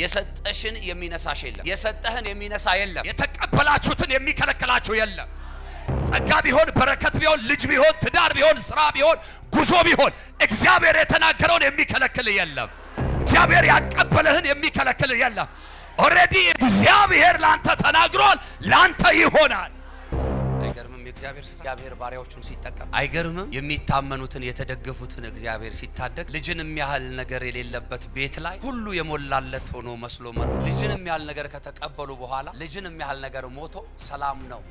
የሰጠሽን የሚነሳሽ የለም። የሰጠህን የሚነሳ የለም። የተቀበላችሁትን የሚከለክላችሁ የለም። ጸጋ ቢሆን በረከት ቢሆን ልጅ ቢሆን ትዳር ቢሆን ስራ ቢሆን ጉዞ ቢሆን እግዚአብሔር የተናገረውን የሚከለክል የለም። እግዚአብሔር ያቀበለህን የሚከለክል የለም። ኦልሬዲ እግዚአብሔር ላንተ ተናግሯል፣ ላንተ ይሆናል። እግዚአብሔር ባሪያዎቹን ሲጠቀም አይገርምም? የሚታመኑትን የተደገፉትን እግዚአብሔር ሲታደግ ልጅን ያህል ነገር የሌለበት ቤት ላይ ሁሉ የሞላለት ሆኖ መስሎ መኖር ልጅን የሚያህል ነገር ከተቀበሉ በኋላ ልጅን የሚያህል ነገር ሞቶ ሰላም ነው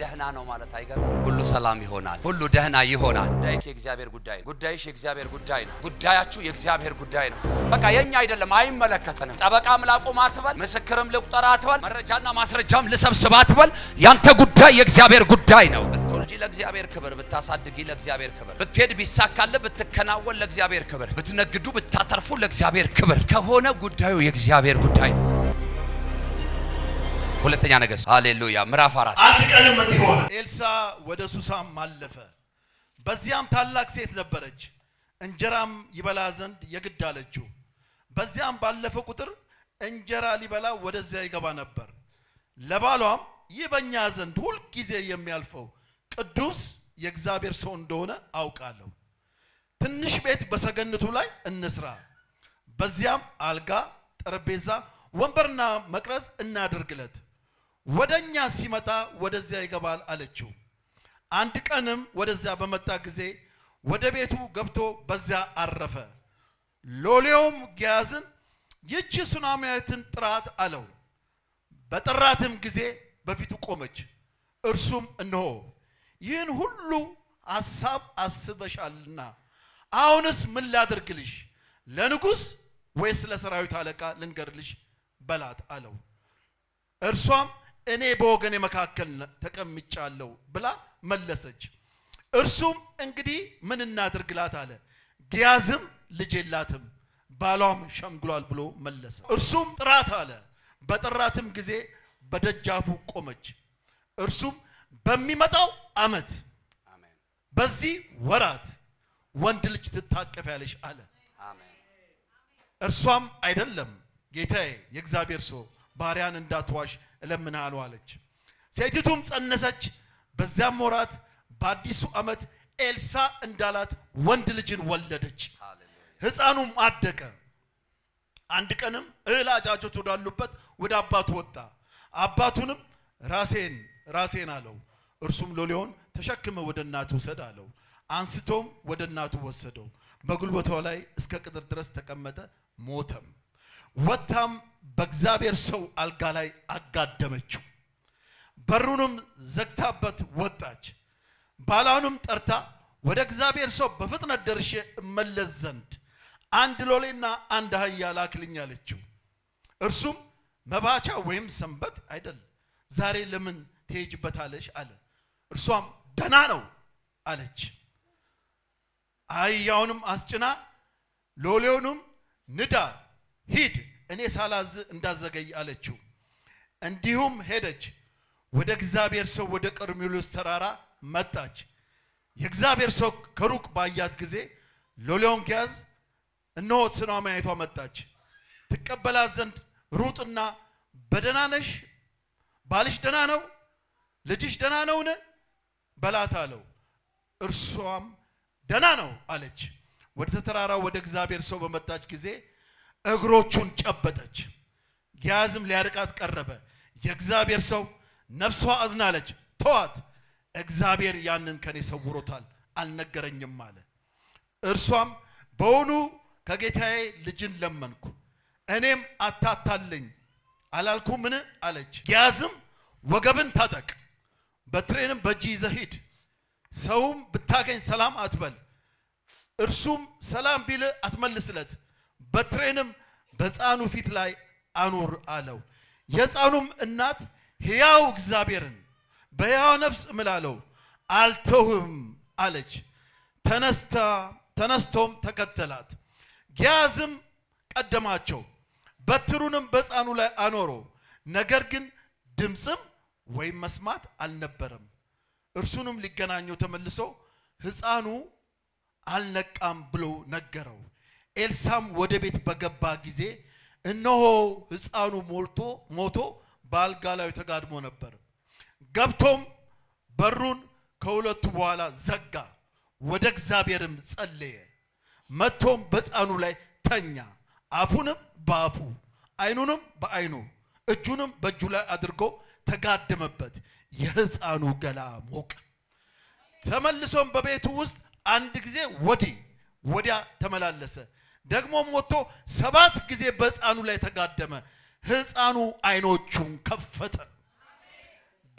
ደህና ነው ማለት አይገርም። ሁሉ ሰላም ይሆናል፣ ሁሉ ደህና ይሆናል። ጉዳይሽ የእግዚአብሔር ጉዳይ ነው። ጉዳይሽ የእግዚአብሔር ጉዳይ ነው። ጉዳያችሁ የእግዚአብሔር ጉዳይ ነው። በቃ የኛ አይደለም፣ አይመለከተንም። ጠበቃም ላቁም አትበል፣ ምስክርም ልቁጠር አትበል፣ መረጃና ማስረጃም ልሰብስብ አትበል። ያንተ ጉዳይ የእግዚአብሔር ጉዳይ ነው። ለእግዚአብሔር ክብር፣ ብታሳድጊ ለእግዚአብሔር ክብር፣ ብትሄድ ቢሳካለ፣ ብትከናወን ለእግዚአብሔር ክብር፣ ብትነግዱ ብታተርፉ ለእግዚአብሔር ክብር ከሆነ ጉዳዩ የእግዚአብሔር ጉዳይ ነው። ሁለተኛ ነገሥት ሃሌሉያ ምዕራፍ አራት አንድ ቀንም እንዲህ ኤልሳ ወደ ሱሳም አለፈ። በዚያም ታላቅ ሴት ነበረች፣ እንጀራም ይበላ ዘንድ የግድ አለችው። በዚያም ባለፈ ቁጥር እንጀራ ሊበላ ወደዚያ ይገባ ነበር። ለባሏም ይህ በእኛ ዘንድ ጊዜ የሚያልፈው ቅዱስ የእግዚአብሔር ሰው እንደሆነ አውቃለሁ። ትንሽ ቤት በሰገነቱ ላይ እንስራ፣ በዚያም አልጋ፣ ጠረጴዛ፣ ወንበርና መቅረዝ እናድርግለት፣ ወደ እኛ ሲመጣ ወደዚያ ይገባል አለችው። አንድ ቀንም ወደዚያ በመጣ ጊዜ ወደ ቤቱ ገብቶ በዚያ አረፈ። ሎሌውም ጊያዝን ይህች ሱናማዊትን ጥራት አለው። በጠራትም ጊዜ በፊቱ ቆመች። እርሱም እነሆ ይህን ሁሉ አሳብ አስበሻልና አሁንስ ምን ላድርግልሽ? ለንጉሥ ወይስ ለሰራዊት አለቃ ልንገርልሽ በላት አለው። እርሷም እኔ በወገኔ መካከል ተቀምጫለሁ ብላ መለሰች። እርሱም እንግዲህ ምን እናድርግላት አለ። ግያዝም ልጅ የላትም ባሏም ሸምግሏል ብሎ መለሰ። እርሱም ጥራት አለ። በጠራትም ጊዜ በደጃፉ ቆመች። እርሱም በሚመጣው አመት በዚህ ወራት ወንድ ልጅ ትታቀፊያለሽ አለ። እርሷም አይደለም ጌታዬ፣ የእግዚአብሔር ሰው ባሪያን እንዳትዋሽ እለምንሃለሁ አለች። ሴቲቱም ጸነሰች። በዚያም ወራት በአዲሱ አመት ኤልሳ እንዳላት ወንድ ልጅን ወለደች። ሕፃኑም አደቀ አንድ ቀንም እህል አጫጆች ወዳሉበት ወደ አባቱ ወጣ። አባቱንም ራሴን ራሴን አለው። እርሱም ሎሌውን ተሸክመ ወደ እናቱ ውሰድ አለው። አንስቶም ወደ እናቱ ወሰደው። በጉልበቷ ላይ እስከ ቅጥር ድረስ ተቀመጠ፣ ሞተም። ወጥታም በእግዚአብሔር ሰው አልጋ ላይ አጋደመችው። በሩንም ዘግታበት ወጣች። ባሏንም ጠርታ ወደ እግዚአብሔር ሰው በፍጥነት ደርሼ እመለስ ዘንድ አንድ ሎሌና አንድ አህያ ላክልኝ አለችው። እርሱም መባቻ ወይም ሰንበት አይደል ዛሬ ለምን ትሄጅበታለሽ አለ። እርሷም ደና ነው አለች። አህያውንም አስጭና ሎሌውንም ንዳ፣ ሂድ እኔ ሳላዝ እንዳዘገይ አለችው። እንዲሁም ሄደች። ወደ እግዚአብሔር ሰው ወደ ቀርሜሎስ ተራራ መጣች። የእግዚአብሔር ሰው ከሩቅ ባያት ጊዜ ሎሌውን ያዝ፣ እነሆ ስናማይቷ መጣች፣ ትቀበላት ዘንድ ሩጥና በደናነሽ ባልሽ ደና ነው ልጅሽ ደና ነውን በላት አለው። እርሷም ደና ነው አለች። ወደ ተራራው ወደ እግዚአብሔር ሰው በመጣች ጊዜ እግሮቹን ጨበጠች። ጊያዝም ሊያርቃት ቀረበ። የእግዚአብሔር ሰው ነፍሷ አዝናለች፣ ተዋት፣ እግዚአብሔር ያንን ከኔ ሰውሮታል፣ አልነገረኝም አለ። እርሷም በውኑ ከጌታዬ ልጅን ለመንኩ፣ እኔም አታታለኝ አላልኩ ምን አለች። ጊያዝም ወገብን ታጠቅ በትሬንም በእጅ ይዘህ ሂድ። ሰውም ብታገኝ ሰላም አትበል፣ እርሱም ሰላም ቢል አትመልስለት። በትሬንም በሕፃኑ ፊት ላይ አኑር አለው። የሕፃኑም እናት ሕያው እግዚአብሔርን በሕያው ነፍስ እምላለው አልተውህም አለች። ተነስታ ተነስቶም ተከተላት። ጊያዝም ቀደማቸው፣ በትሩንም በሕፃኑ ላይ አኖረው። ነገር ግን ድምፅም ወይም መስማት አልነበረም። እርሱንም ሊገናኘው ተመልሶ ሕፃኑ አልነቃም ብሎ ነገረው። ኤልሳም ወደ ቤት በገባ ጊዜ እነሆ ሕፃኑ ሞልቶ ሞቶ በአልጋ ላይ ተጋድሞ ነበር። ገብቶም በሩን ከሁለቱ በኋላ ዘጋ፣ ወደ እግዚአብሔርም ጸለየ። መጥቶም በሕፃኑ ላይ ተኛ፣ አፉንም በአፉ አይኑንም በአይኑ እጁንም በእጁ ላይ አድርጎ ተጋደመበት፣ የሕፃኑ ገላ ሞቀ። ተመልሶም በቤቱ ውስጥ አንድ ጊዜ ወዲህ ወዲያ ተመላለሰ። ደግሞም ወጥቶ ሰባት ጊዜ በሕፃኑ ላይ ተጋደመ። ሕፃኑ ዓይኖቹን ከፈተ።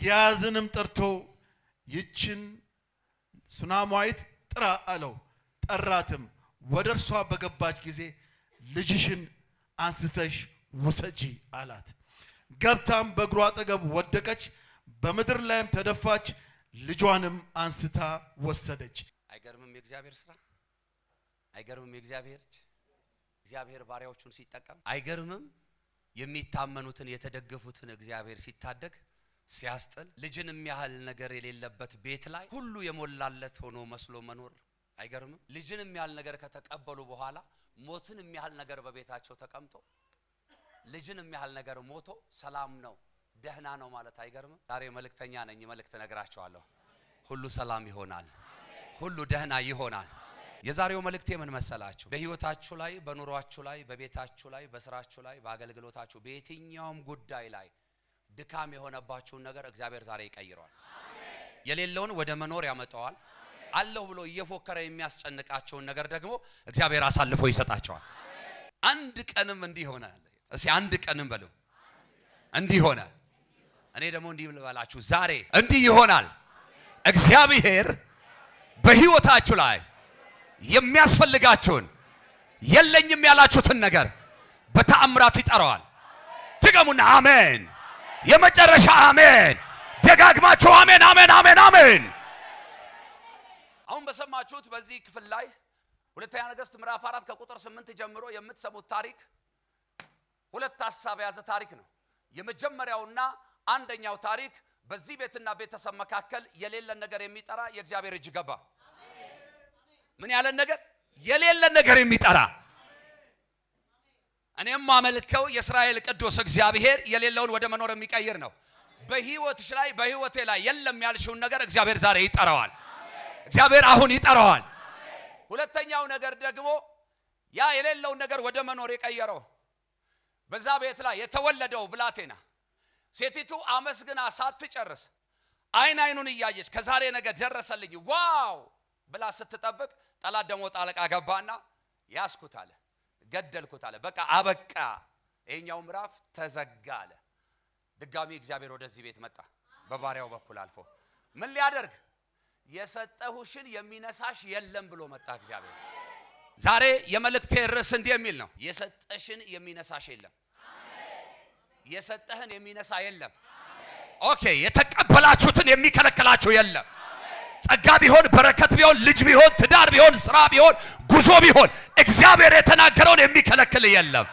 ጊያዝንም ጠርቶ ይችን ሱናማዊት ጥራ አለው። ጠራትም። ወደ እርሷ በገባች ጊዜ ልጅሽን አንስተሽ ውሰጂ አላት። ገብታም በእግሯ አጠገብ ወደቀች፣ በምድር ላይም ተደፋች፣ ልጇንም አንስታ ወሰደች። አይገርምም የእግዚአብሔር ስራ? አይገርምም የእግዚአብሔር እግዚአብሔር ባሪያዎቹን ሲጠቀም? አይገርምም የሚታመኑትን የተደገፉትን እግዚአብሔር ሲታደግ ሲያስጥል ልጅንም ያህል ነገር የሌለበት ቤት ላይ ሁሉ የሞላለት ሆኖ መስሎ መኖር አይገርምም? ልጅንም ያህል ነገር ከተቀበሉ በኋላ ሞትን የሚያህል ነገር በቤታቸው ተቀምጦ ልጅን የሚያህል ነገር ሞቶ ሰላም ነው ደህና ነው ማለት አይገርምም። ዛሬ መልእክተኛ ነኝ፣ መልእክት ነግራቸዋለሁ። ሁሉ ሰላም ይሆናል፣ ሁሉ ደህና ይሆናል። የዛሬው መልእክት የምን መሰላችሁ? በህይወታችሁ ላይ፣ በኑሯችሁ ላይ፣ በቤታችሁ ላይ፣ በስራችሁ ላይ፣ በአገልግሎታችሁ፣ በየትኛውም ጉዳይ ላይ ድካም የሆነባችሁን ነገር እግዚአብሔር ዛሬ ይቀይረዋል። የሌለውን ወደ መኖር ያመጣዋል። አለሁ ብሎ እየፎከረ የሚያስጨንቃቸውን ነገር ደግሞ እግዚአብሔር አሳልፎ ይሰጣቸዋል። አንድ ቀንም እንዲህ ይሆናል እስኪ አንድ ቀንም በለው እንዲህ ሆነ። እኔ ደግሞ እንዲህ ልበላችሁ ዛሬ እንዲህ ይሆናል። እግዚአብሔር በህይወታችሁ ላይ የሚያስፈልጋችሁን የለኝም ያላችሁትን ነገር በተአምራት ይጠራዋል። ድገሙና አሜን። የመጨረሻ አሜን። ደጋግማችሁ አሜን፣ አሜን፣ አሜን፣ አሜን። አሁን በሰማችሁት በዚህ ክፍል ላይ ሁለተኛ ነገሥት ምዕራፍ አራት ከቁጥር ስምንት ጀምሮ የምትሰሙት ታሪክ ሁለት ሀሳብ የያዘ ታሪክ ነው። የመጀመሪያውና አንደኛው ታሪክ በዚህ ቤትና ቤተሰብ መካከል የሌለን ነገር የሚጠራ የእግዚአብሔር እጅ ገባ። ምን ያለን ነገር? የሌለን ነገር የሚጠራ እኔም ማመልከው የእስራኤል ቅዱስ እግዚአብሔር የሌለውን ወደ መኖር የሚቀይር ነው። በህይወትሽ ላይ በህይወቴ ላይ የለም ያልሽውን ነገር እግዚአብሔር ዛሬ ይጠራዋል። እግዚአብሔር አሁን ይጠራዋል። ሁለተኛው ነገር ደግሞ ያ የሌለውን ነገር ወደ መኖር የቀየረው በዛ ቤት ላይ የተወለደው ብላቴና ሴቲቱ አመስግና ሳትጨርስ አይን አይኑን እያየች ከዛሬ ነገ ደረሰልኝ ዋው ብላ ስትጠብቅ ጠላት ደግሞ ጣልቃ ገባና ያስኩት አለ፣ ገደልኩት አለ፣ በቃ አበቃ፣ ይሄኛው ምዕራፍ ተዘጋ አለ። ድጋሚ እግዚአብሔር ወደዚህ ቤት መጣ፣ በባሪያው በኩል አልፎ ምን ሊያደርግ የሰጠሁሽን የሚነሳሽ የለም ብሎ መጣ እግዚአብሔር ዛሬ የመልእክቴ ርዕስ እንዲህ የሚል ነው። የሰጠሽን የሚነሳሽ የለም። የሰጠህን የሚነሳ የለም። ኦኬ። የተቀበላችሁትን የሚከለክላችሁ የለም። ጸጋ ቢሆን በረከት ቢሆን ልጅ ቢሆን ትዳር ቢሆን ስራ ቢሆን ጉዞ ቢሆን እግዚአብሔር የተናገረውን የሚከለክል የለም።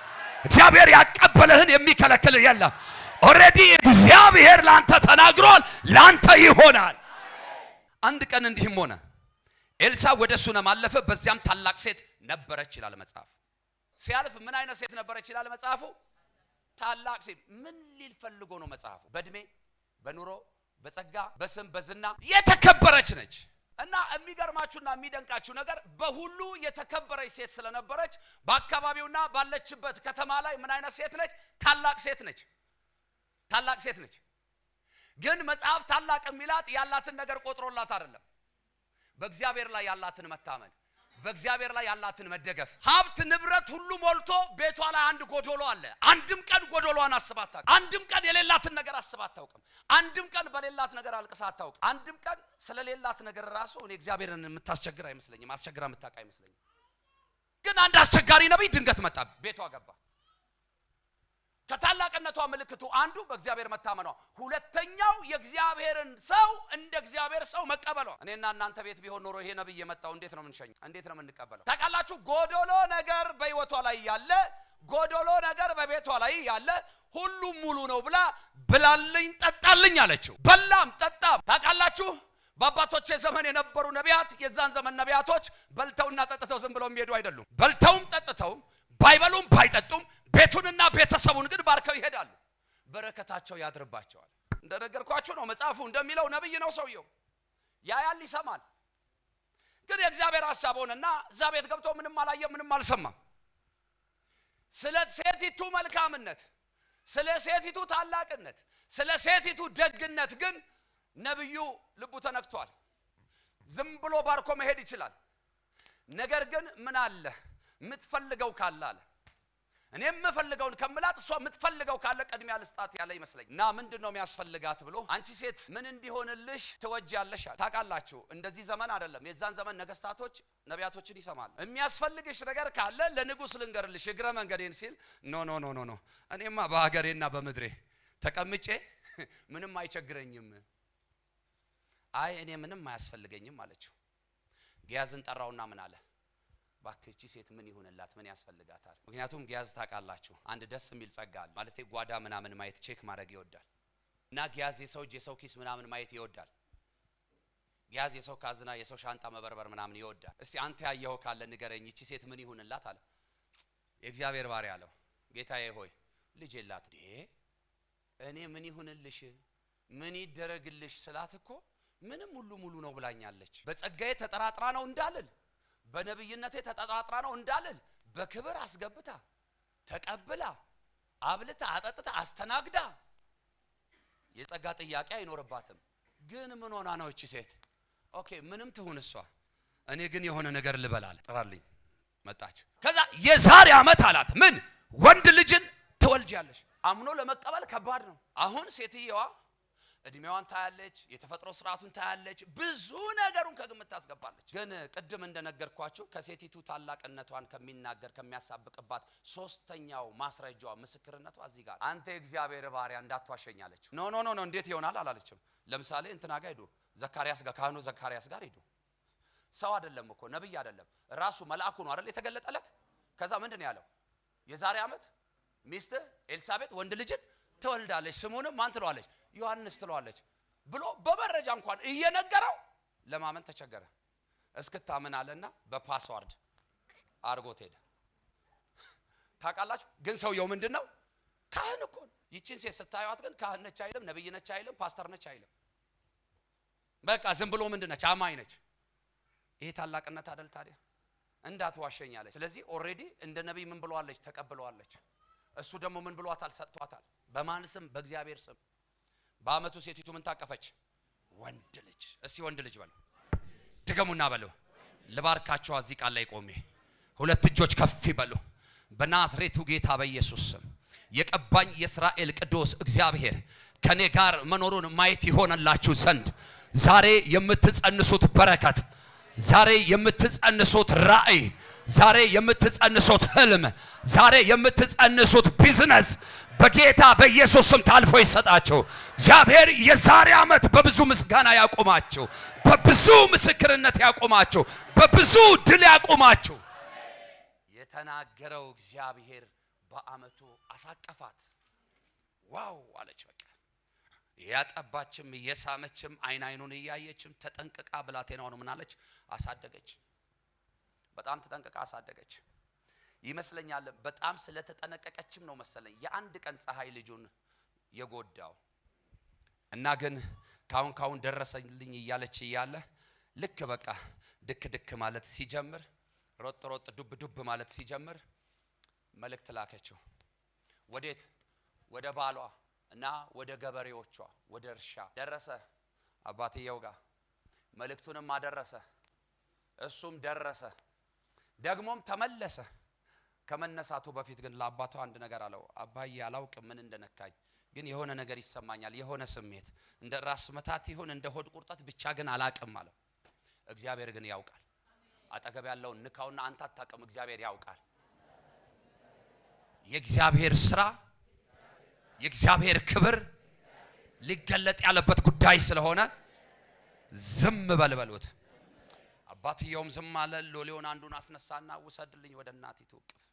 እግዚአብሔር ያቀበለህን የሚከለክል የለም። ኦልሬዲ እግዚአብሔር ላንተ ተናግሯል፣ ላንተ ይሆናል። አንድ ቀን እንዲህም ሆነ ኤልሳ ወደ እሱ አለፈ በዚያም ታላቅ ሴት ነበረች ይላል መጽሐፍ። ሲያልፍ ምን አይነት ሴት ነበረች ይላል መጽሐፉ? ታላቅ ሴት። ምን ሊል ፈልጎ ነው መጽሐፉ? በእድሜ በኑሮ በጸጋ በስም በዝና የተከበረች ነች። እና የሚገርማችሁና የሚደንቃችሁ ነገር በሁሉ የተከበረች ሴት ስለነበረች በአካባቢውና ባለችበት ከተማ ላይ ምን አይነት ሴት ነች? ታላቅ ሴት ነች። ታላቅ ሴት ነች። ግን መጽሐፍ ታላቅ የሚላት ያላትን ነገር ቆጥሮላት አይደለም በእግዚአብሔር ላይ ያላትን መታመን፣ በእግዚአብሔር ላይ ያላትን መደገፍ፣ ሀብት ንብረት ሁሉ ሞልቶ ቤቷ ላይ አንድ ጎዶሎ አለ። አንድም ቀን ጎዶሎዋን አስባ አታውቅም። አንድም ቀን የሌላትን ነገር አስባ አታውቅም። አንድም ቀን በሌላት ነገር አልቅሳ አታውቅም። አንድም ቀን ስለሌላት ነገር ራሱ እኔ እግዚአብሔርን የምታስቸግር አይመስለኝም፣ አስቸግራ የምታውቅ አይመስለኝም። ግን አንድ አስቸጋሪ ነቢይ ድንገት መጣ፣ ቤቷ ገባ። ከታላቅነቷ ምልክቱ አንዱ በእግዚአብሔር መታመኗ፣ ሁለተኛው የእግዚአብሔርን ሰው እንደ እግዚአብሔር ሰው መቀበሏ። እኔና እናንተ ቤት ቢሆን ኖሮ ይሄ ነብይ የመጣው እንዴት ነው የምንሸኘው? እንዴት ነው የምንቀበለው? ታውቃላችሁ፣ ጎዶሎ ነገር በህይወቷ ላይ ያለ ጎዶሎ ነገር በቤቷ ላይ ያለ ሁሉም ሙሉ ነው ብላ ብላልኝ ጠጣልኝ አለችው። በላም ጠጣም። ታውቃላችሁ በአባቶቼ ዘመን የነበሩ ነቢያት የዛን ዘመን ነቢያቶች በልተውና ጠጥተው ዝም ብለው የሚሄዱ አይደሉም። በልተውም ጠጥተውም ባይበሉም ባይጠጡም ቤቱንና ቤተሰቡን ግን ባርከው ይሄዳሉ። በረከታቸው ያድርባቸዋል። እንደነገርኳችሁ ነው። መጽሐፉ እንደሚለው ነብይ ነው ሰውየው፣ ያያል፣ ይሰማል። ግን የእግዚአብሔር ሀሳብ ሆነና እዛ ቤት ገብቶ ምንም አላየም፣ ምንም አልሰማም። ስለ ሴቲቱ መልካምነት፣ ስለ ሴቲቱ ታላቅነት፣ ስለ ሴቲቱ ደግነት ግን ነብዩ ልቡ ተነክቷል። ዝም ብሎ ባርኮ መሄድ ይችላል። ነገር ግን ምን አለ የምትፈልገው ካለ አለ እኔ የምፈልገውን ከምላት እሷ የምትፈልገው ካለ ቅድሚያ ልስጣት ያለ ይመስለኝ እና ምንድን ነው የሚያስፈልጋት ብሎ አንቺ ሴት ምን እንዲሆንልሽ ትወጃለሽ? ታውቃላችሁ፣ እንደዚህ ዘመን አይደለም። የዛን ዘመን ነገስታቶች ነቢያቶችን ይሰማል። የሚያስፈልግሽ ነገር ካለ ለንጉስ ልንገርልሽ እግረ መንገዴን ሲል ኖ ኖ ኖ ኖ ኖ እኔማ በሀገሬና በምድሬ ተቀምጬ ምንም አይቸግረኝም። አይ እኔ ምንም አያስፈልገኝም አለችው። ግያዝን ጠራውና ምን አለ ባክቺ ሴት ምን ይሁንላት? ምን ያስፈልጋታል? ምክንያቱም ጊያዝ ታውቃላችሁ፣ አንድ ደስ የሚል ጸጋ አለ ማለት ጓዳ ምናምን ማየት ቼክ ማድረግ ይወዳል። እና ጊያዝ የሰው እጅ የሰው ኪስ ምናምን ማየት ይወዳል። ጊያዝ የሰው ካዝና የሰው ሻንጣ መበርበር ምናምን ይወዳል። እስቲ አንተ ያየኸው ካለ ንገረኝ፣ ይቺ ሴት ምን ይሁንላት አለ። የእግዚአብሔር ባሪያ አለው፣ ጌታዬ ሆይ ልጅ የላት እኔ ምን ይሁንልሽ ምን ይደረግልሽ ስላት እኮ ምንም ሙሉ ሙሉ ነው ብላኛለች። በጸጋዬ ተጠራጥራ ነው እንዳልል በነብይነቴ ተጠራጥራ ነው እንዳልል በክብር አስገብታ ተቀብላ አብልታ አጠጥታ አስተናግዳ የጸጋ ጥያቄ አይኖርባትም። ግን ምን ሆና ነው እቺ ሴት? ኦኬ ምንም ትሁን እሷ፣ እኔ ግን የሆነ ነገር ልበላል። ጥራልኝ መጣች። ከዛ የዛሬ ዓመት አላት ምን ወንድ ልጅን ትወልጃለሽ። አምኖ ለመቀበል ከባድ ነው። አሁን ሴትየዋ እድሜዋን ታያለች፣ የተፈጥሮ ስርዓቱን ታያለች፣ ብዙ ነገሩን ከግምት ታስገባለች። ግን ቅድም እንደነገርኳችሁ ከሴቲቱ ታላቅነቷን ከሚናገር ከሚያሳብቅባት ሶስተኛው ማስረጃዋ ምስክርነቷ እዚህ ጋር አንተ የእግዚአብሔር ባሪያ እንዳትዋሸኝ አለችው። ኖ ኖ ኖ እንዴት ይሆናል አላለችም። ለምሳሌ እንትና ጋር ሂዱ፣ ዘካርያስ ጋር ካህኑ ዘካርያስ ጋር ሂዱ። ሰው አይደለም እኮ ነብይ አይደለም ራሱ መልአኩ ነው አይደል የተገለጠለት። ከዛ ምንድን ያለው? የዛሬ ዓመት ሚስት ኤልሳቤጥ ወንድ ልጅን ትወልዳለች፣ ስሙንም ማን ትለዋለች? ዮሐንስ ትለዋለች ብሎ በመረጃ እንኳን እየነገረው ለማመን ተቸገረ። እስክታምን አለና በፓስዋርድ አድርጎት ሄደ። ታውቃላችሁ ግን ሰውየው ምንድን ነው? ካህን እኮ ይችን ይቺን ሴት ስታዩት ግን ካህን ነች አይልም፣ ነብይ ነች አይልም፣ ፓስተር ነች አይልም። በቃ ዝም ብሎ ምንድን ነች? አማኝ ነች። ይሄ ታላቅነት አደል ታዲያ? እንዳትዋሸኛለች። ስለዚህ ኦሬዲ እንደ ነቢይ ምን ብሏለች ተቀብለዋለች። እሱ ደግሞ ምን ብሏታል? ሰጥቷታል። በማን ስም? በእግዚአብሔር ስም በአመቱ ሴቲቱ ምን ታቀፈች? ወንድ ልጅ። እስቲ ወንድ ልጅ በለው፣ ድገሙና በለው። ልባርካቸው እዚህ ቃል ላይ ቆሜ፣ ሁለት እጆች ከፍ ይበሉ። በናዝሬቱ ጌታ በኢየሱስ ስም የቀባኝ የእስራኤል ቅዱስ እግዚአብሔር ከኔ ጋር መኖሩን ማየት ይሆነላችሁ ዘንድ ዛሬ የምትጸንሱት በረከት፣ ዛሬ የምትጸንሱት ራእይ፣ ዛሬ የምትጸንሱት ህልም፣ ዛሬ የምትጸንሱት ቢዝነስ በጌታ በኢየሱስ ስም ታልፎ ይሰጣቸው። እግዚአብሔር የዛሬ ዓመት በብዙ ምስጋና ያቆማቸው፣ በብዙ ምስክርነት ያቆማቸው፣ በብዙ ድል ያቆማቸው። የተናገረው እግዚአብሔር በዓመቱ አሳቀፋት። ዋው አለች። በቃ ያጠባችም እየሳመችም አይን አይኑን እያየችም ተጠንቅቃ ብላቴናውን ምናለች አሳደገች። በጣም ተጠንቅቃ አሳደገች። ይመስለኛል በጣም ስለተጠነቀቀችም ነው መሰለኝ የአንድ ቀን ፀሐይ ልጁን የጎዳው እና ግን ካሁን ካሁን ደረሰልኝ እያለች እያለ ልክ በቃ ድክ ድክ ማለት ሲጀምር ሮጥ ሮጥ ዱብ ዱብ ማለት ሲጀምር መልእክት ላከችው። ወዴት? ወደ ባሏ እና ወደ ገበሬዎቿ ወደ እርሻ ደረሰ። አባትየው ጋር መልእክቱንም አደረሰ። እሱም ደረሰ፣ ደግሞም ተመለሰ። ከመነሳቱ በፊት ግን ለአባቱ አንድ ነገር አለው። አባዬ አላውቅ ምን እንደነካኝ፣ ግን የሆነ ነገር ይሰማኛል። የሆነ ስሜት እንደ ራስ መታት ይሁን እንደ ሆድ ቁርጠት ብቻ ግን አላቅም አለው። እግዚአብሔር ግን ያውቃል። አጠገብ ያለውን ንካውና አንተ አታቅም፣ እግዚአብሔር ያውቃል። የእግዚአብሔር ስራ የእግዚአብሔር ክብር ሊገለጥ ያለበት ጉዳይ ስለሆነ ዝም በልበሉት። አባትየውም ዝም አለ። ሎሌውን አንዱን አስነሳና ውሰድልኝ ወደ እናቲቱ እቅፍ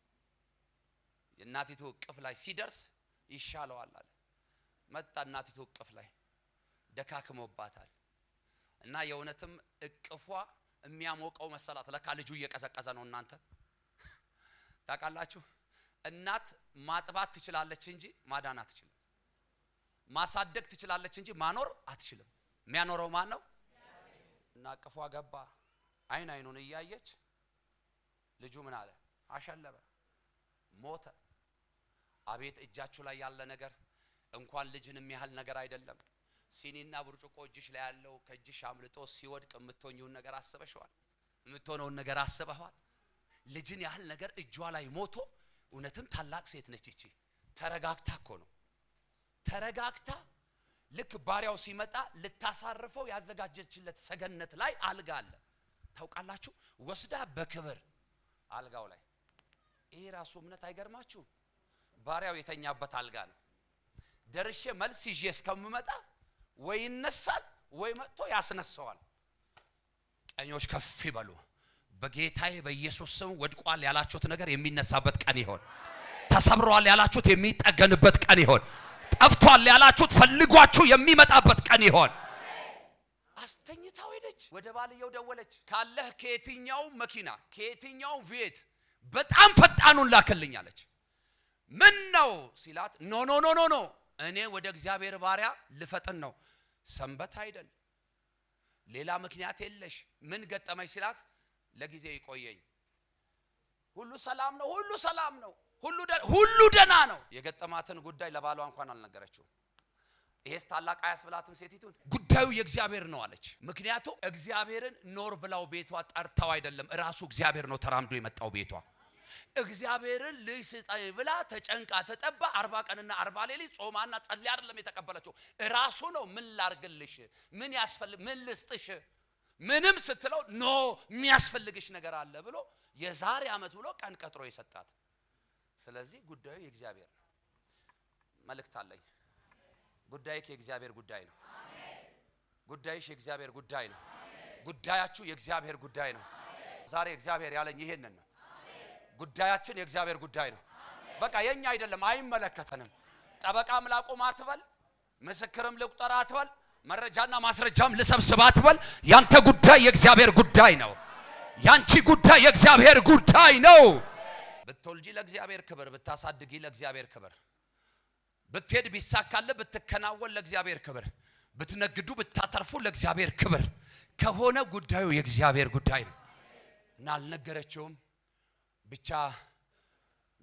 እናቲቱ እቅፍ ላይ ሲደርስ ይሻለዋል አለ። መጣ እናቲቱ እቅፍ ላይ ደካክሞባታል እና የእውነትም እቅፏ የሚያሞቀው መሰላት። ለካ ልጁ እየቀዘቀዘ ነው። እናንተ ታውቃላችሁ፣ እናት ማጥባት ትችላለች እንጂ ማዳን አትችልም። ማሳደግ ትችላለች እንጂ ማኖር አትችልም። የሚያኖረው ማን ነው? እና እቅፏ ገባ። አይን አይኑን እያየች ልጁ ምን አለ? አሸለበ፣ ሞተ። አቤት እጃችሁ ላይ ያለ ነገር እንኳን ልጅንም ያህል ነገር አይደለም። ሲኒና ብርጭቆ እጅሽ ላይ ያለው ከእጅሽ አምልጦ ሲወድቅ የምትሆኝውን ነገር አስበሽዋል። የምትሆነውን ነገር አስበኋል። ልጅን ያህል ነገር እጇ ላይ ሞቶ፣ እውነትም ታላቅ ሴት ነች ይቺ። ተረጋግታ እኮ ነው ተረጋግታ ልክ ባሪያው ሲመጣ ልታሳርፈው ያዘጋጀችለት ሰገነት ላይ አልጋ አለ ታውቃላችሁ። ወስዳ በክብር አልጋው ላይ ይሄ ራሱ እምነት አይገርማችሁም? ባሪያው የተኛበት አልጋ ነው። ደርሼ መልስ ይዤ እስከምመጣ ወይ ይነሳል ወይ መጥቶ ያስነሳዋል። ቀኞች ከፍ ይበሉ። በጌታዬ በኢየሱስ ስም ወድቋል ያላችሁት ነገር የሚነሳበት ቀን ይሆን። ተሰብሯል ያላችሁት የሚጠገንበት ቀን ይሆን። ጠፍቷል ያላችሁት ፈልጓችሁ የሚመጣበት ቀን ይሆን። አስተኝታው ሄደች። ወደ ባልየው ደወለች። ካለህ ከየትኛው መኪና ከየትኛው ቤት በጣም ፈጣኑን ላክልኝ አለች። ምን ነው ሲላት፣ ኖ ኖ ኖ ኖ ኖ እኔ ወደ እግዚአብሔር ባሪያ ልፈጥን ነው፣ ሰንበት አይደል፣ ሌላ ምክንያት የለሽ። ምን ገጠመሽ ሲላት፣ ለጊዜ ይቆየኝ፣ ሁሉ ሰላም ነው፣ ሁሉ ሰላም ነው፣ ሁሉ ደና ነው። የገጠማትን ጉዳይ ለባሏ እንኳን አልነገረችው ይሄስ ታላቅ አያስብላትም? ሴቲቱን ጉዳዩ የእግዚአብሔር ነው አለች። ምክንያቱም እግዚአብሔርን ኖር ብላው ቤቷ ጠርታው አይደለም፣ እራሱ እግዚአብሔር ነው ተራምዶ የመጣው ቤቷ እግዚአብሔርን ልጅ ስጠኝ ብላ ተጨንቃ ተጠባ አርባ ቀንና አርባ ሌሊት ጾማና ጸልያ አይደለም የተቀበለችው። እራሱ ነው ምን ላርግልሽ፣ ምን ያስፈልግ፣ ምን ልስጥሽ፣ ምንም ስትለው ኖ የሚያስፈልግሽ ነገር አለ ብሎ የዛሬ ዓመት ብሎ ቀን ቀጥሮ የሰጣት። ስለዚህ ጉዳዩ የእግዚአብሔር ነው። መልእክት አለኝ። ጉዳይ የእግዚአብሔር ጉዳይ ነው። ጉዳይሽ የእግዚአብሔር ጉዳይ ነው። ጉዳያችሁ የእግዚአብሔር ጉዳይ ነው። ዛሬ እግዚአብሔር ያለኝ ይሄንን ነው። ጉዳያችን የእግዚአብሔር ጉዳይ ነው። በቃ የኛ አይደለም፣ አይመለከተንም። ጠበቃም ላቁም አትበል፣ ምስክርም ልቁጠር አትበል፣ መረጃና ማስረጃም ልሰብስብ አትበል። ያንተ ጉዳይ የእግዚአብሔር ጉዳይ ነው። ያንቺ ጉዳይ የእግዚአብሔር ጉዳይ ነው። ብትወልጂ ለእግዚአብሔር ክብር፣ ብታሳድጊ ለእግዚአብሔር ክብር፣ ብትሄድ ቢሳካለ፣ ብትከናወን ለእግዚአብሔር ክብር፣ ብትነግዱ ብታተርፉ ለእግዚአብሔር ክብር ከሆነ ጉዳዩ የእግዚአብሔር ጉዳይ ነው እና አልነገረችውም። ብቻ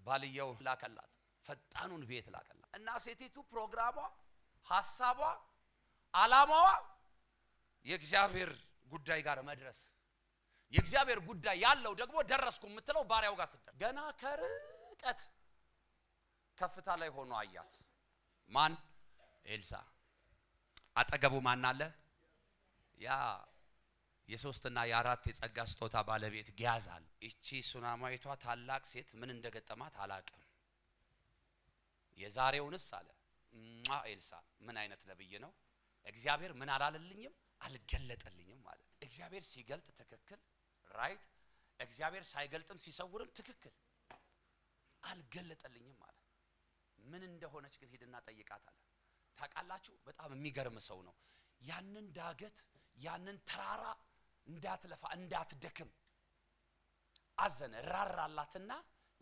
ባልየው ላከላት፣ ፈጣኑን ቤት ላከላት እና ሴቲቱ ፕሮግራሟ፣ ሀሳቧ፣ አላማዋ የእግዚአብሔር ጉዳይ ጋር መድረስ የእግዚአብሔር ጉዳይ ያለው ደግሞ ደረስኩ የምትለው ባሪያው ጋር ስደር ገና ከርቀት ከፍታ ላይ ሆኖ አያት። ማን? ኤልሳ። አጠገቡ ማን አለ? ያ የሶስትና የአራት የጸጋ ስጦታ ባለቤት ጊያዛል። እቺ ሱናማዊቷ ታላቅ ሴት ምን እንደገጠማት አላቅም። የዛሬውንስ አለ ማ ኤልሳ ምን አይነት ነብይ ነው? እግዚአብሔር ምን አላለልኝም አልገለጠልኝም ማለት እግዚአብሔር ሲገልጥ ትክክል ራይት፣ እግዚአብሔር ሳይገልጥም ሲሰውርም ትክክል አልገለጠልኝም ማለት ምን እንደሆነች ግን ሂድና ጠይቃት አለ። ታውቃላችሁ፣ በጣም የሚገርም ሰው ነው። ያንን ዳገት ያንን ተራራ እንዳትለፋ እንዳትደክም አዘነ። ራራላትና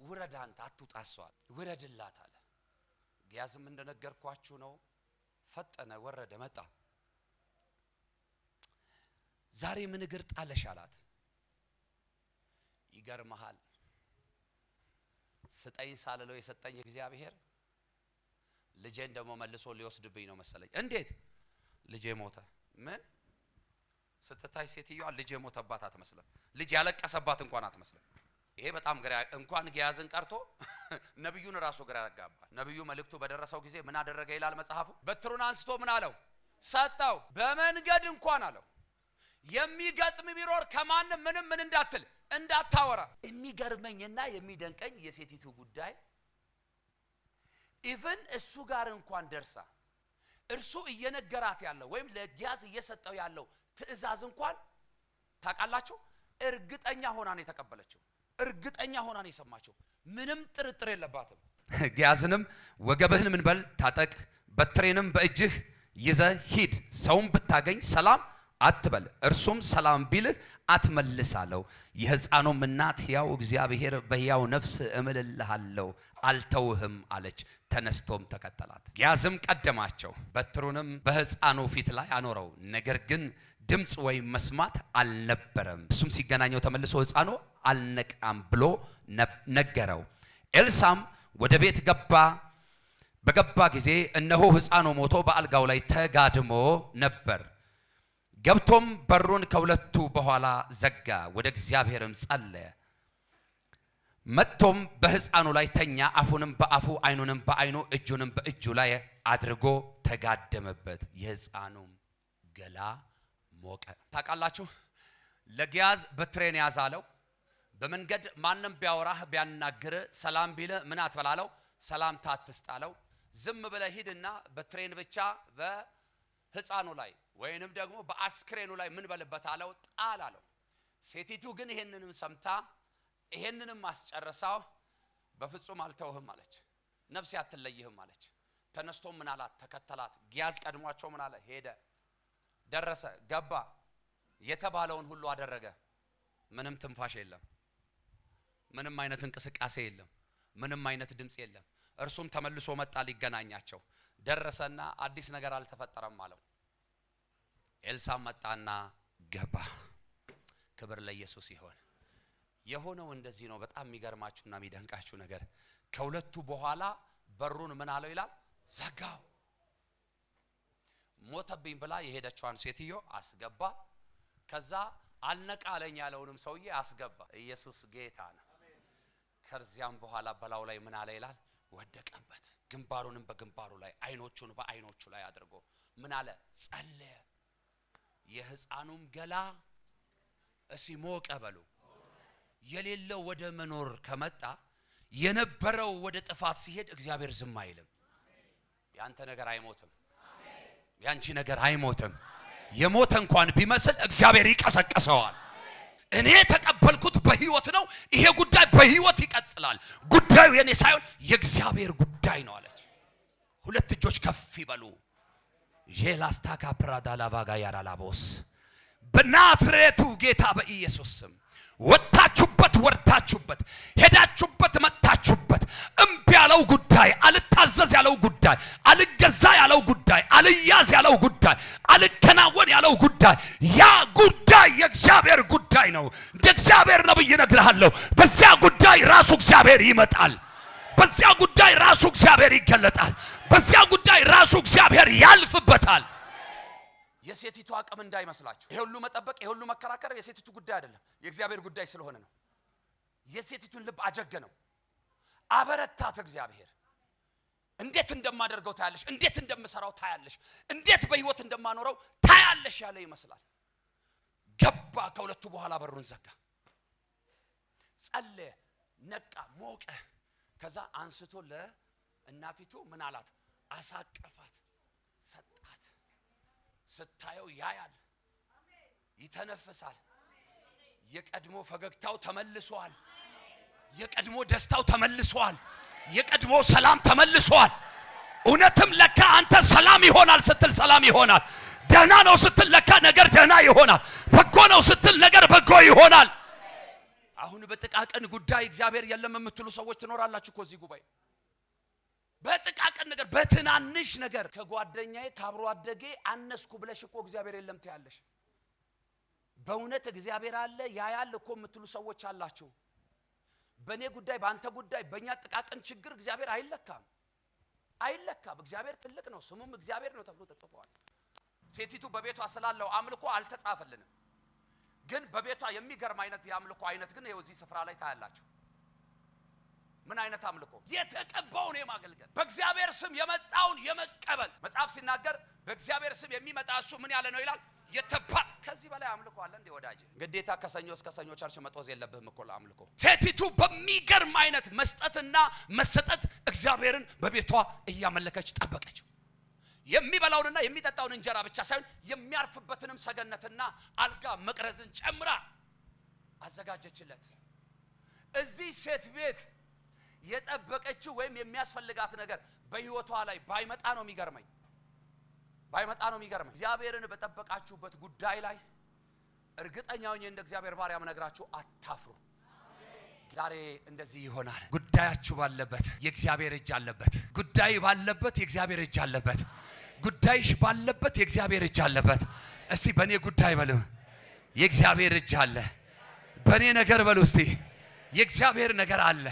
ውረድ አንተ አትውጣሷል ውረድላት አለ። ግያዝም እንደነገርኳችሁ ነው። ፈጠነ፣ ወረደ፣ መጣ። ዛሬ ምን እግር ጣለሽ አላት። ይገርመሃል ስጠኝ ሳልለው የሰጠኝ እግዚአብሔር ልጄን ደግሞ መልሶ ሊወስድብኝ ነው መሰለኝ። እንዴት ልጄ ሞተ? ምን ስትታይ ሴትዮዋ ልጅ የሞተባት አትመስልም። ልጅ ያለቀሰባት እንኳን አትመስልም። ይሄ በጣም ግራ እንኳን ገያዝን ቀርቶ ነቢዩን ራሱ ግራ ያጋባ። ነቢዩ መልእክቱ በደረሰው ጊዜ ምን አደረገ ይላል መጽሐፉ። በትሩን አንስቶ ምን አለው? ሰጠው። በመንገድ እንኳን አለው የሚገጥም ቢኖር ከማንም ምንም ምን እንዳትል እንዳታወራ። የሚገርመኝና የሚደንቀኝ የሴቲቱ ጉዳይ ኢቭን እሱ ጋር እንኳን ደርሳ እርሱ እየነገራት ያለው ወይም ለጊያዝ እየሰጠው ያለው ትእዛዝ እንኳን ታውቃላችሁ፣ እርግጠኛ ሆና ነው የተቀበለችው። እርግጠኛ ሆና ነው የሰማችው። ምንም ጥርጥር የለባትም። ግያዝንም ወገብህን ምን በል ታጠቅ፣ በትሬንም በእጅህ ይዘ ሂድ። ሰውም ብታገኝ ሰላም አትበል፣ እርሱም ሰላም ቢልህ አትመልሳለሁ። የህፃኑም እናት ሕያው እግዚአብሔር በሕያው ነፍስ እምልልሃለሁ አልተውህም አለች። ተነስቶም ተከተላት። ግያዝም ቀደማቸው፣ በትሩንም በህፃኑ ፊት ላይ አኖረው። ነገር ግን ድምፅ ወይም መስማት አልነበረም። እሱም ሲገናኘው ተመልሶ ሕፃኑ አልነቃም ብሎ ነገረው። ኤልሳም ወደ ቤት ገባ። በገባ ጊዜ እነሆ ሕፃኑ ሞቶ በአልጋው ላይ ተጋድሞ ነበር። ገብቶም በሩን ከሁለቱ በኋላ ዘጋ፣ ወደ እግዚአብሔርም ጸለየ። መጥቶም በሕፃኑ ላይ ተኛ፣ አፉንም በአፉ ዓይኑንም በዓይኑ እጁንም በእጁ ላይ አድርጎ ተጋደመበት። የሕፃኑም ገላ ሞቀ። ታውቃላችሁ ለጊያዝ በትሬን ያዝ አለው። በመንገድ ማንም ቢያወራህ ቢያናግር ሰላም ቢል ምን አትበላለው፣ ሰላምታ አትስጣለው። ዝም ብለህ ሂድና በትሬን ብቻ በህፃኑ ላይ ወይንም ደግሞ በአስክሬኑ ላይ ምን በልበት አለው፣ ጣል አለው። ሴቲቱ ግን ይሄንንም ሰምታ ይሄንንም አስጨረሳው። በፍጹም አልተውህም አለች። ነፍሴ አትለይህም አለች። ተነስቶ ምን አላት? ተከተላት። ጊያዝ ቀድሟቸው ምን አለ? ሄደ። ደረሰ፣ ገባ፣ የተባለውን ሁሉ አደረገ። ምንም ትንፋሽ የለም፣ ምንም አይነት እንቅስቃሴ የለም፣ ምንም አይነት ድምፅ የለም። እርሱም ተመልሶ መጣ ሊገናኛቸው ደረሰና አዲስ ነገር አልተፈጠረም አለው። ኤልሳዕ መጣና ገባ። ክብር ለኢየሱስ ይሆን። የሆነው እንደዚህ ነው። በጣም የሚገርማችሁና የሚደንቃችሁ ነገር ከሁለቱ በኋላ በሩን ምን አለው ይላል ዘጋው። ሞተብኝ ብላ የሄደችዋን ሴትዮ አስገባ። ከዛ አልነቃለኝ ያለውንም ሰውዬ አስገባ። ኢየሱስ ጌታ ነው። ከዚያም በኋላ በላው ላይ ምን አለ ይላል? ወደቀበት፣ ግንባሩንም በግንባሩ ላይ አይኖቹን በአይኖቹ ላይ አድርጎ ምን አለ? ጸለየ። የህፃኑም ገላ እሲ ሞቀ በሉ የሌለው ወደ መኖር ከመጣ የነበረው ወደ ጥፋት ሲሄድ እግዚአብሔር ዝም አይልም። ያንተ ነገር አይሞትም። ያንቺ ነገር አይሞትም። የሞተ እንኳን ቢመስል እግዚአብሔር ይቀሰቅሰዋል። እኔ የተቀበልኩት በህይወት ነው። ይሄ ጉዳይ በህይወት ይቀጥላል። ጉዳዩ የኔ ሳይሆን የእግዚአብሔር ጉዳይ ነው አለች። ሁለት እጆች ከፍ ይበሉ። ዤላስታካ ፕራዳ ላቫጋ ያራላቦስ በናዝሬቱ ጌታ በኢየሱስ ስም ወጥታችሁ ወርታችሁበት፣ ሄዳችሁበት፣ መታችሁበት እምቢ ያለው ጉዳይ፣ አልታዘዝ ያለው ጉዳይ፣ አልገዛ ያለው ጉዳይ፣ አልያዝ ያለው ጉዳይ፣ አልከናወን ያለው ጉዳይ፣ ያ ጉዳይ የእግዚአብሔር ጉዳይ ነው። እንደ እግዚአብሔር ነብይ እነግርሃለሁ፣ በዚያ ጉዳይ ራሱ እግዚአብሔር ይመጣል። በዚያ ጉዳይ ራሱ እግዚአብሔር ይገለጣል። በዚያ ጉዳይ ራሱ እግዚአብሔር ያልፍበታል። የሴቲቱ አቅም እንዳይመስላችሁ። ይሄ ሁሉ መጠበቅ፣ ይሄ ሁሉ መከራከር የሴቲቱ ጉዳይ አይደለም፣ የእግዚአብሔር ጉዳይ ስለሆነ ነው። የሴቲቱን ልብ አጀገነው፣ አበረታት። እግዚአብሔር እንዴት እንደማደርገው ታያለሽ፣ እንዴት እንደምሰራው ታያለሽ፣ እንዴት በህይወት እንደማኖረው ታያለሽ ያለ ይመስላል። ገባ። ከሁለቱ በኋላ በሩን ዘጋ። ጸለየ፣ ነቃ፣ ሞቀ። ከዛ አንስቶ ለእናቲቱ ምን አላት? አሳቀፋት፣ ሰጣት። ስታየው ያያል፣ ይተነፍሳል። የቀድሞ ፈገግታው ተመልሷል። የቀድሞ ደስታው ተመልሷል። የቀድሞ ሰላም ተመልሷል። እውነትም ለካ አንተ ሰላም ይሆናል ስትል ሰላም ይሆናል። ደህና ነው ስትል ለካ ነገር ደህና ይሆናል። በጎ ነው ስትል ነገር በጎ ይሆናል። አሁን በጥቃቅን ጉዳይ እግዚአብሔር የለም የምትሉ ሰዎች ትኖራላችሁ እኮ እዚህ ጉባኤ በጥቃቅን ነገር በትናንሽ ነገር ከጓደኛዬ ከአብሮ አደጌ አነስኩ ብለሽ እኮ እግዚአብሔር የለም ትያለሽ። በእውነት እግዚአብሔር አለ ያያል እኮ የምትሉ ሰዎች አላችሁ። በእኔ ጉዳይ፣ በአንተ ጉዳይ፣ በእኛ ጥቃቅን ችግር እግዚአብሔር አይለካም አይለካም። እግዚአብሔር ትልቅ ነው፣ ስሙም እግዚአብሔር ነው ተብሎ ተጽፏል። ሴቲቱ በቤቷ ስላለው አምልኮ አልተጻፈልንም፣ ግን በቤቷ የሚገርም አይነት የአምልኮ አይነት ግን ይኸው እዚህ ስፍራ ላይ ታያላችሁ። ምን አይነት አምልኮ? የተቀባውን የማገልገል በእግዚአብሔር ስም የመጣውን የመቀበል። መጽሐፍ ሲናገር በእግዚአብሔር ስም የሚመጣ እሱ ምን ያለ ነው ይላል የተባ ከዚህ በላይ አምልኮ አለ እንዴ ወዳጅ? ግዴታ ከሰኞ እስከ ሰኞ ቸርች መጦዝ የለብህም እኮ ለአምልኮ። ሴቲቱ በሚገርም አይነት መስጠትና መሰጠት እግዚአብሔርን በቤቷ እያመለከች ጠበቀችው። የሚበላውንና የሚጠጣውን እንጀራ ብቻ ሳይሆን የሚያርፍበትንም ሰገነትና አልጋ መቅረዝን ጨምራ አዘጋጀችለት። እዚህ ሴት ቤት የጠበቀችው ወይም የሚያስፈልጋት ነገር በህይወቷ ላይ ባይመጣ ነው የሚገርመኝ ባይመጣ ነው የሚገርመኝ። እግዚአብሔርን በጠበቃችሁበት ጉዳይ ላይ እርግጠኛ ሆኜ እንደ እግዚአብሔር ባሪያም ነግራችሁ አታፍሩ። ዛሬ እንደዚህ ይሆናል። ጉዳያችሁ ባለበት የእግዚአብሔር እጅ አለበት። ጉዳይ ባለበት የእግዚአብሔር እጅ አለበት። ጉዳይሽ ባለበት የእግዚአብሔር እጅ አለበት። እስቲ በእኔ ጉዳይ በሉ የእግዚአብሔር እጅ አለ። በእኔ ነገር በሉ እስቲ የእግዚአብሔር ነገር አለ።